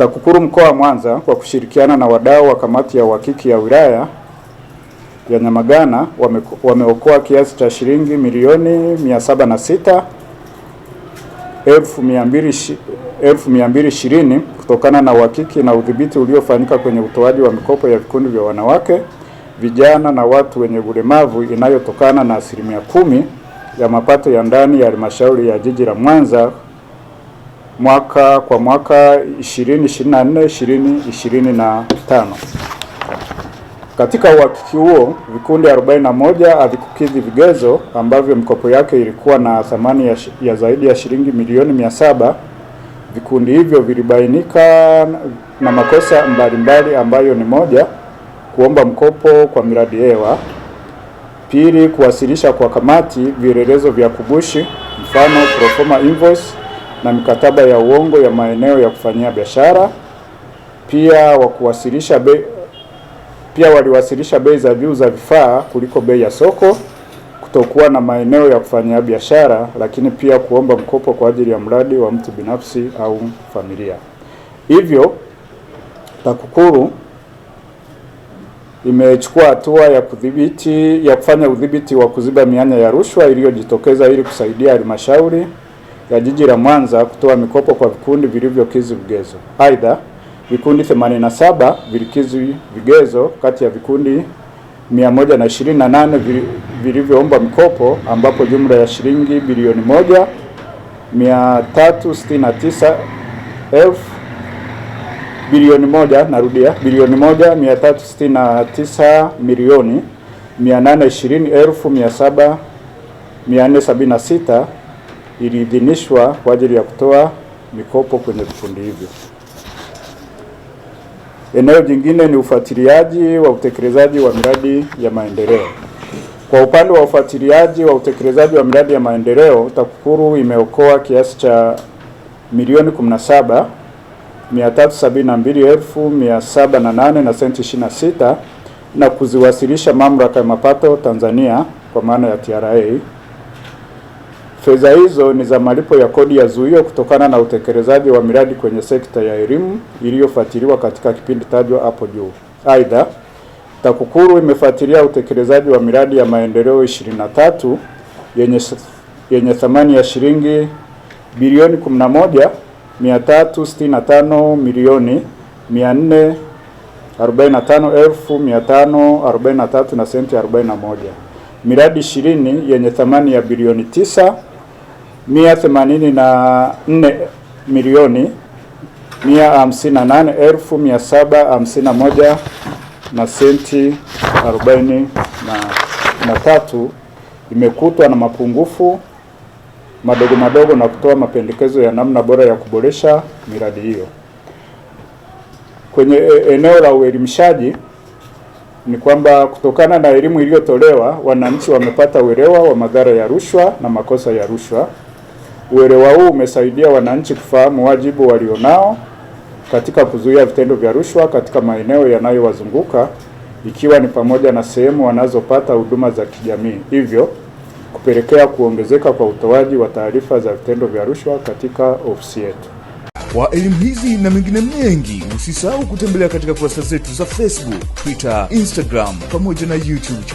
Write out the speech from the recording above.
TAKUKURU mkoa wa Mwanza kwa kushirikiana na wadau wa kamati ya uhakiki ya wilaya ya Nyamagana wame, wameokoa kiasi cha shilingi milioni 706 1220 kutokana na uhakiki na udhibiti uliofanyika kwenye utoaji wa mikopo ya vikundi vya wanawake, vijana na watu wenye ulemavu inayotokana na asilimia kumi ya mapato ya ndani ya halmashauri ya jiji la Mwanza mwaka kwa mwaka 2024 2025. Katika uhakiki huo vikundi 41 havikukidhi vigezo ambavyo mikopo yake ilikuwa na thamani ya, ya zaidi ya shilingi milioni mia Vikundi hivyo vilibainika na makosa mbalimbali ambayo ni moja, kuomba mkopo kwa miradi hewa; pili, kuwasilisha kwa kamati vielelezo vya kugushi, mfano proforma invoice na mikataba ya uongo ya maeneo ya kufanyia biashara. Pia kuwasilisha be... pia waliwasilisha bei za juu za vifaa kuliko bei ya soko, kutokuwa na maeneo ya kufanyia biashara, lakini pia kuomba mkopo kwa ajili ya mradi wa mtu binafsi au familia. Hivyo TAKUKURU imechukua hatua ya kudhibiti ya kufanya udhibiti wa kuziba mianya ya rushwa iliyojitokeza ili kusaidia halmashauri ya jiji la Mwanza kutoa mikopo kwa vikundi vilivyokizi vigezo. Aidha, vikundi 87 vilikizi vigezo kati ya vikundi 128 vilivyoomba mikopo ambapo jumla ya shilingi bilioni 1 369 bilioni moja narudia bilioni moja tisa milioni 820 elfu sita iliidhinishwa kwa ajili ya kutoa mikopo kwenye vikundi hivyo. Eneo jingine ni ufuatiliaji wa utekelezaji wa miradi ya maendeleo. Kwa upande wa ufuatiliaji wa utekelezaji wa miradi ya maendeleo, TAKUKURU imeokoa kiasi cha milioni 17 372,708 na senti 26 na kuziwasilisha mamlaka ya mapato Tanzania kwa maana ya TRA Fedha hizo ni za malipo ya kodi ya zuio kutokana na utekelezaji wa miradi kwenye sekta ya elimu iliyofuatiliwa katika kipindi tajwa hapo juu. Aidha, TAKUKURU imefuatilia utekelezaji wa miradi ya maendeleo 23 yenye yenye thamani ya shilingi bilioni 11 365 milioni 445,543 na senti 41, miradi 20 yenye thamani ya bilioni 9 mia themanini na nne milioni mia hamsini na nane elfu mia saba hamsini na moja na senti arobaini na tatu imekutwa na mapungufu madogo madogo na kutoa mapendekezo ya namna bora ya kuboresha miradi hiyo. Kwenye e, eneo la uelimishaji ni kwamba kutokana na elimu iliyotolewa, wananchi wamepata uelewa wa madhara ya rushwa na makosa ya rushwa. Uelewa huu umesaidia wananchi kufahamu wajibu walionao katika kuzuia vitendo vya rushwa katika maeneo yanayowazunguka ikiwa ni pamoja na sehemu wanazopata huduma za kijamii, hivyo kupelekea kuongezeka kwa utoaji wa taarifa za vitendo vya rushwa katika ofisi yetu. Kwa elimu hizi na mengine mengi, usisahau kutembelea katika kurasa zetu za Facebook, Twitter, Instagram pamoja na YouTube.